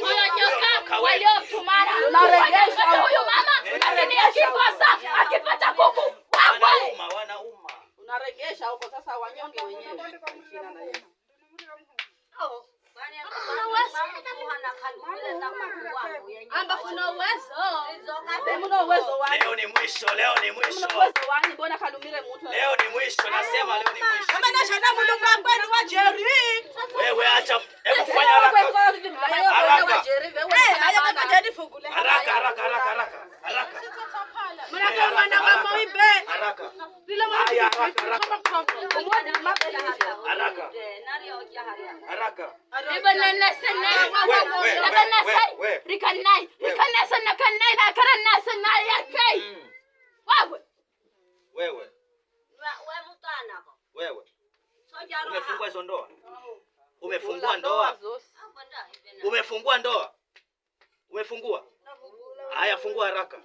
Huyo joka waliotumana huyu mama, lakini akikosa akipata kuku unaregesha huko. Sasa wanyonge wenyewe ambapo una uwezo. Mna uwezo wani. Leo ni mwisho, leo ni mwisho. Mna uwezo wani, mbona kalumire mtu. Leo ni mwisho, nasema leo ni mwisho. Kama na shana kwa kwenu wa Jerry. Wewe acha, hebu fanya eh, Haraka. Haraka, haraka, haraka, haraka. Umefungua hizo ndoa, oh. umefungua. Haya, fungua haraka.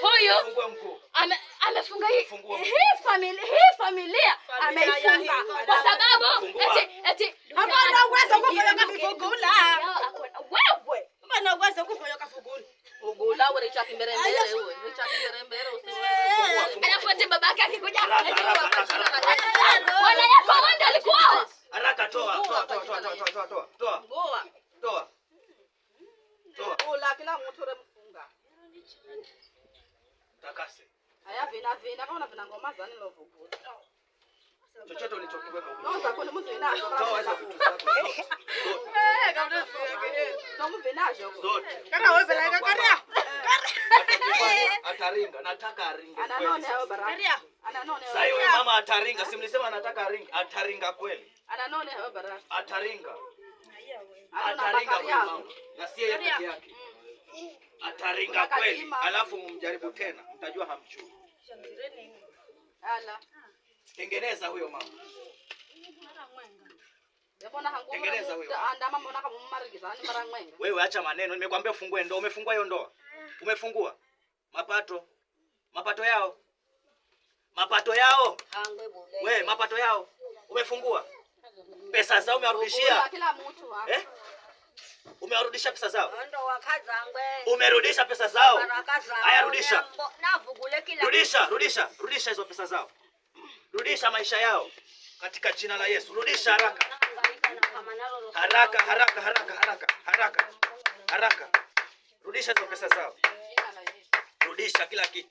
Huyu amefunga hii familia, ameifunga kwa sababu eti eti hapana uwezo kufanya kama kifungula mbere mbere huyo. Nicha babake akikuja anajua yako wanda alikuwa. Haraka toa toa toa toa toa toa toa. Goa. Toa. Toa. Ola kila mtu remfunga. Takase. Aya vina vina kama vina ngoma za nilo vuguta. Chochote ulichokiweka huko. Naomba kwa mtu Toa hizo vitu zako. Eh, kabla. Naomba vinazo. Zote. Kana wewe vinaika karia. Eh. Ataringa, nataka aringe. Ananone hao baraka. Ananone hao. Sasa mama ataringa, si mlisema anataka aringe, ataringa kweli. Ananone hao baraka. Ataringa. Ataringa kweli mama. Na si yeye peke yake. Mm. Ataringa kweli. Alafu mumjaribu tena, mtajua hamjui. Ala. Tengeneza huyo mama. Tengeneza huyo. Yaani Wewe acha maneno, nimekwambia ufungue ndoa. Umefungua hiyo eh. ndoa? Umefungua? mapato mapato yao mapato yao we, mapato yao umefungua pesa zao umewarudishia eh? Umewarudisha pesa zao, umerudisha pesa zao. Haya, rudisha rudisha rudisha rudisha hizo pesa zao, rudisha maisha yao katika jina la Yesu, rudisha haraka haraka haraka haraka haraka haraka haraka, rudisha hizo pesa zao kurudisha kila kitu.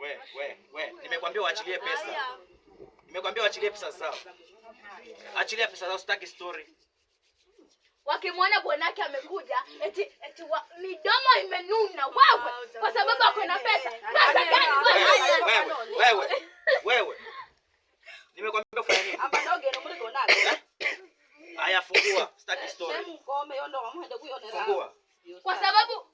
We, we, we, nimekwambia uachilie pesa. Nimekwambia uachilie pesa zao. Achilia pesa zao, sitaki story. Wakimwona bwanake amekuja eti eti wa, midomo imenuna wewe kwa sababu ako na pesa. Pesa gani wewe? Wewe, wewe, wewe. Nimekwambia fanya nini? Hapa eh? fungua, sitaki story. Fungua. Kwa sababu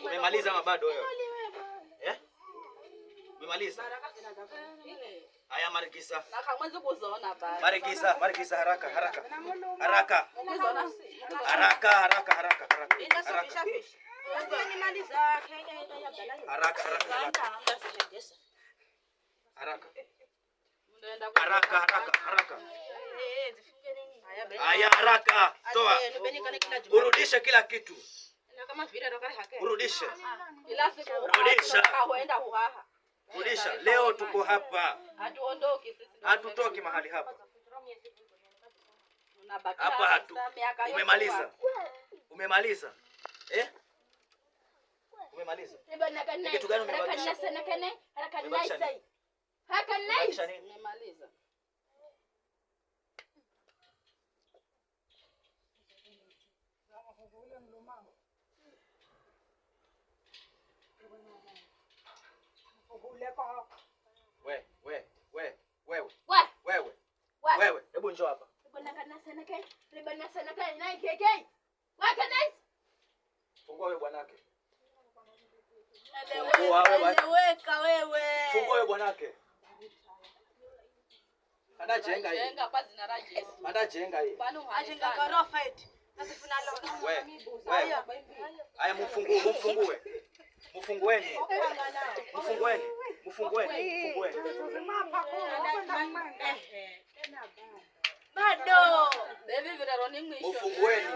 Umemaliza ama bado wewe? Eh? Umemaliza? Haya, marikisa. Marikisa, marikisa haraka, haraka. Haraka. Haraka, haraka, haraka, haraka. Haraka, haraka. Haraka. Haraka, haraka, haraka. Eh, eh, Haya, haraka. Toa. Urudishe kila kitu kama vile tokale Rudisha. Rudisha. Leo tuko hapa. Hatuondoki sisi. Hatutoki mahali hapa. Hapa hatu. Umemaliza. Umemaliza. Eh? Umemaliza. Kitu gani umebakisha? Haraka nice. Haraka nice. Umemaliza. wake libana sana kali naye keke wake nice. Fungua wewe bwanake. Fungua wewe. Fungua wewe bwanake. Ada jenga hii. Jenga kwa zina raje. Ada jenga hii. Ajenga gorofa hii. Sasa tunalo. Wewe. Wewe. Aya mfungue. Mfungueni. Mfungueni. Mfungueni. Mfungueni bado ufungueni.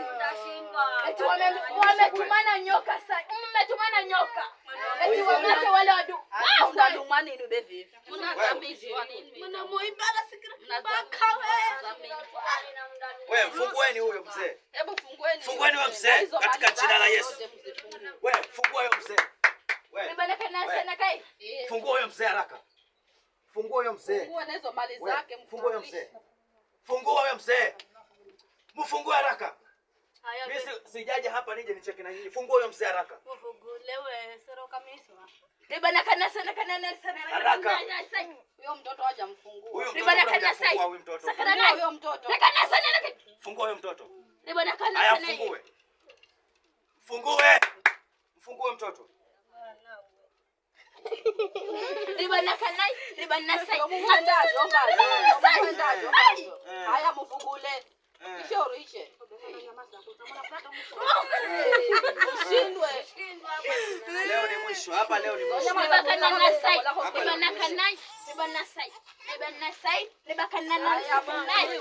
Eti wametumana nyoka sasa, mm, mmetumana nyoka eti wamete wale wadu ah, wewe, fungueni huyo mzee, hebu fungueni, fungueni huyo mzee katika jina la Yesu. Wewe fungua huyo mzee, fungua huyo mzee haraka, fungua huyo mzee, fungua hizo mali zake, fungua huyo mzee Fungua wewe mzee. Mfungue haraka. Haya. Mimi si, sijaje hapa nije nicheke na nyinyi. Fungua wewe mzee haraka. Mfungulewe sero kamiso. Ni bana kana sana kana na sana. Haraka. Huyo mtoto aje mfungue. Ni bana kana sana. Sakana na huyo mtoto. Na kana sana na fungua huyo mtoto. Ni bana kana sana. Haya, Fungue. Fungue. Mfungue mtoto libanakanayi libanasayi haya muvugule ishe urishe ushindwe leo ni mwisho hapa leo ni mwisho libanakanayi libanakanayi libanasai libanasai libakananayi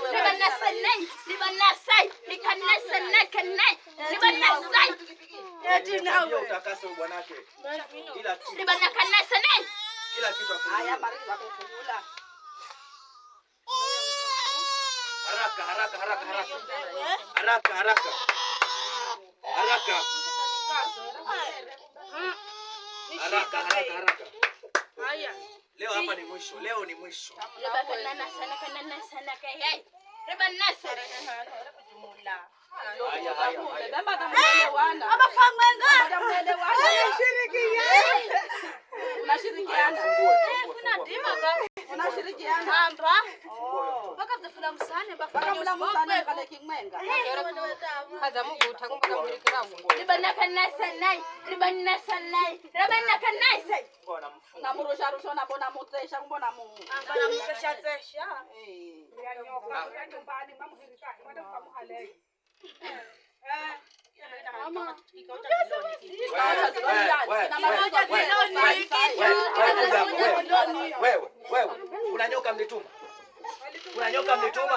libanasanayi libanasai likanasanayi mimi nawe. Utakaso bwanake. Ila kitu. Bwana kanisa nani? Kila kitu afanye. Haya bali watakula. Haraka haraka haraka haraka. Haraka haraka. Haraka. Haraka haraka haraka. Haya. Leo hapa ni mwisho. Leo ni mwisho. Baba kanana sana kanana sana kai. Reba nasa namurusharusha nabona mutsesha kumbona mumu kuna eh, nyoka mlituma.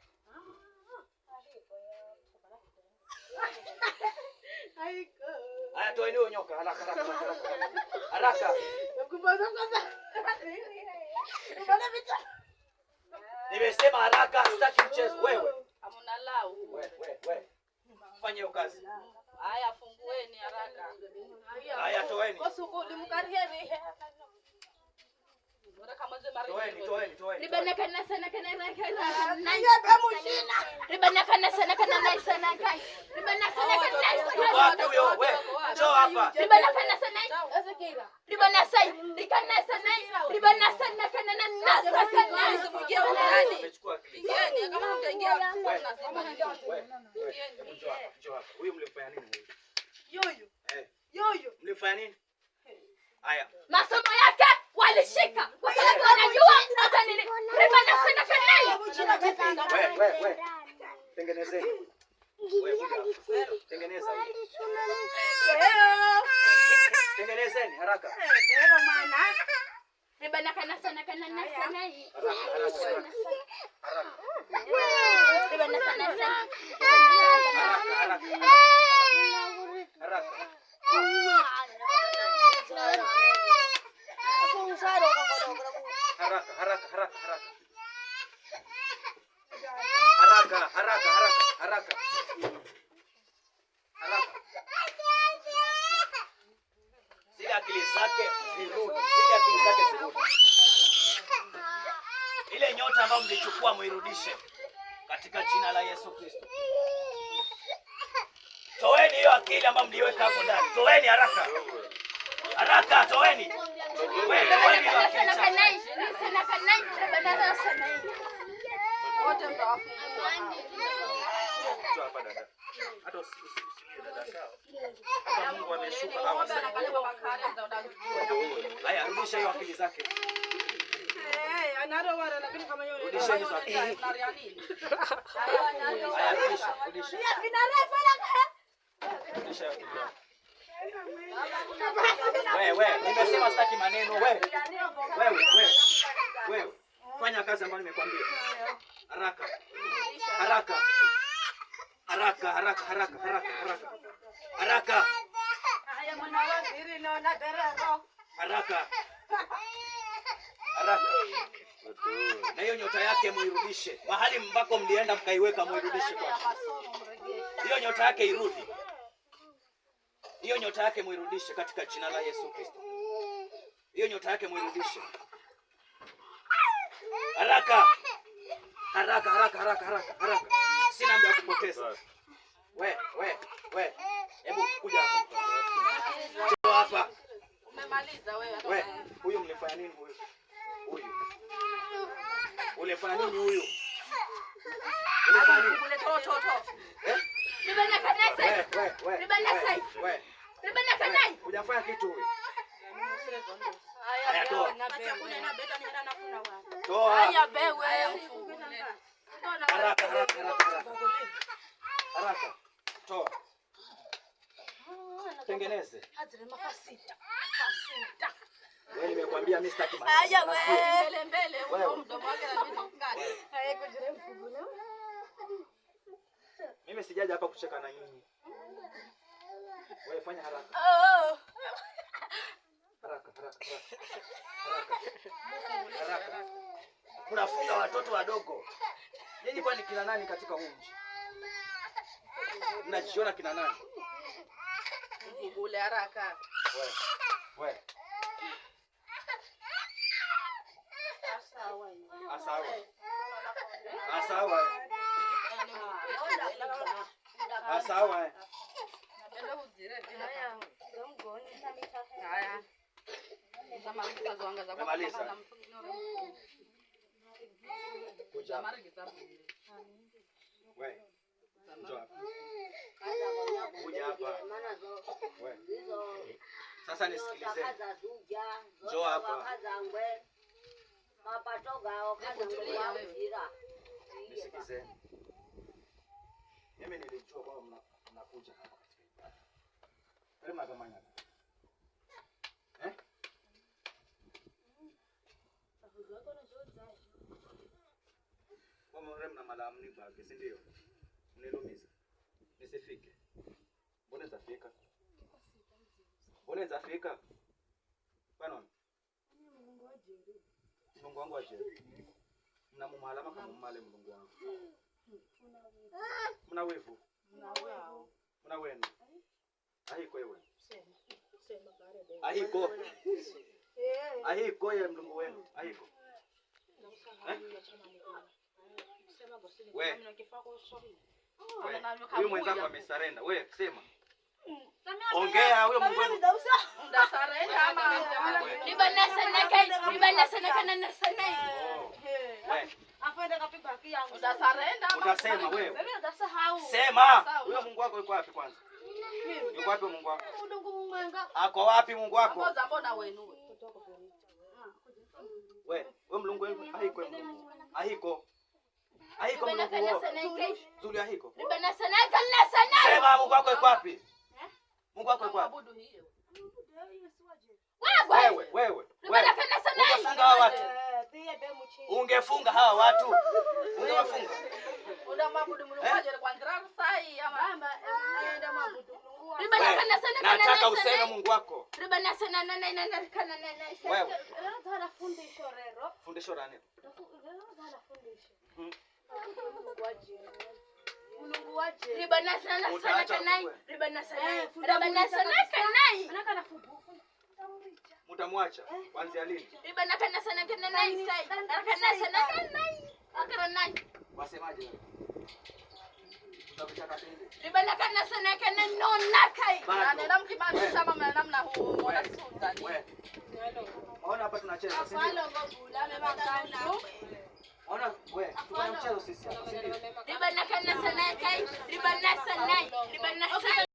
Haya, toa hiyo nyoka haraka haraka haraka. Nimesema haraka, sitaki mchezo wewe. Hamna lao. Wewe wewe. Fanya hiyo kazi. Haya, fungueni haraka. Haya, toeni. Usimkaribie. Masomo yake walishika Tengenezeni haraka. haraka haraka haraka haraka haraka haraka haraka haraka Ile nyota ambayo mlichukua muirudishe katika jina la Yesu Kristo. Toeni hiyo akili ambayo mliweka hapo ndani, toeni haraka haraka, toeni. Wewe, nimesema sitaki maneno wewe kazi ambayo nimekuambia. Haraka. Haraka. Haraka, haraka, haraka, haraka, haraka. Haraka. Haya mwanawe hili ni na garaka. Haraka. Haraka. Na hiyo nyota yake muirudishe. Mahali mbako mlienda mkaiweka muirudishe kwa. Hiyo nyota yake irudi. Hiyo nyota yake muirudishe katika jina la Yesu Kristo. Hiyo nyota yake muirudishe. haraka haraka haraka haraka haraka. Sina muda wa kupoteza. We we we. Hebu kuja hapa. Njoo hapa. Umemaliza wewe. We, huyu mlifanya nini huyu? Huyu. Ulifanya nini huyu? Ulifanya nini? Ule to to to. Eh? Nibana kanai sai. We we. Nibana sai. We. Nibana kanai. Hujafanya kitu huyu. Haya, toa. Toa. Haya, bewe haraka haraka haraka haraka, toa tengeneze. Wewe nimekwambia mimi sitaki maneno. Haya wewe mbele mbele, huko mdomo wake na vitu gani? Haya kujire mfugule. Mimi sijaja hapa kucheka na nyinyi. Wewe fanya Haraka. Oh, oh. Unafunga watoto wadogo. Nyinyi yaani kwani kina nani katika huu mji? Mnajiona kina nani? Mvugule haraka. We. We. Asawa. Asawa. Asawa. Asawa. Asawa. Asawa. mtu azoangaza kwa Kuja. We. Kuja hapa. We. Sasa nisikilize. Njoo hapa. Nisikilize. Mimi nilijua kwamba mnakuja hapa katika ibada. Karibu na gamanya. kama mrembo na malamu kwake, si ndio? Mnilumiza. Nisifike. Mbona zafika? Mbona zafika? Bana. Mlungu wangu aje. Mna mumalama kama mmale mlungu wangu. Mna wivu. Mna wenu. Ahiko wewe. Ahiko. Ahiko ya mlungu wenu. Ahiko. Eh? Huyu mwenzako amesarenda. Wewe sema. Ongea huyo Utasema wewe. Sema. Huyo Mungu wako yuko wapi kwanza? Yuko wapi Mungu wako? Ako wapi Mungu wako? Wewe mlungu haiko. Haiko. Ahiko Zulia hiko. Ungefunga hawa watu. Ungefunga Nataka useme Mungu wako. Fundisho rero. Fundisho Eh, Mtamwacha eh, kuanzia lini? Wasemaje? hapa tunacheza. Ribanna kanna sanai kai ribanna sanai ribanna sanai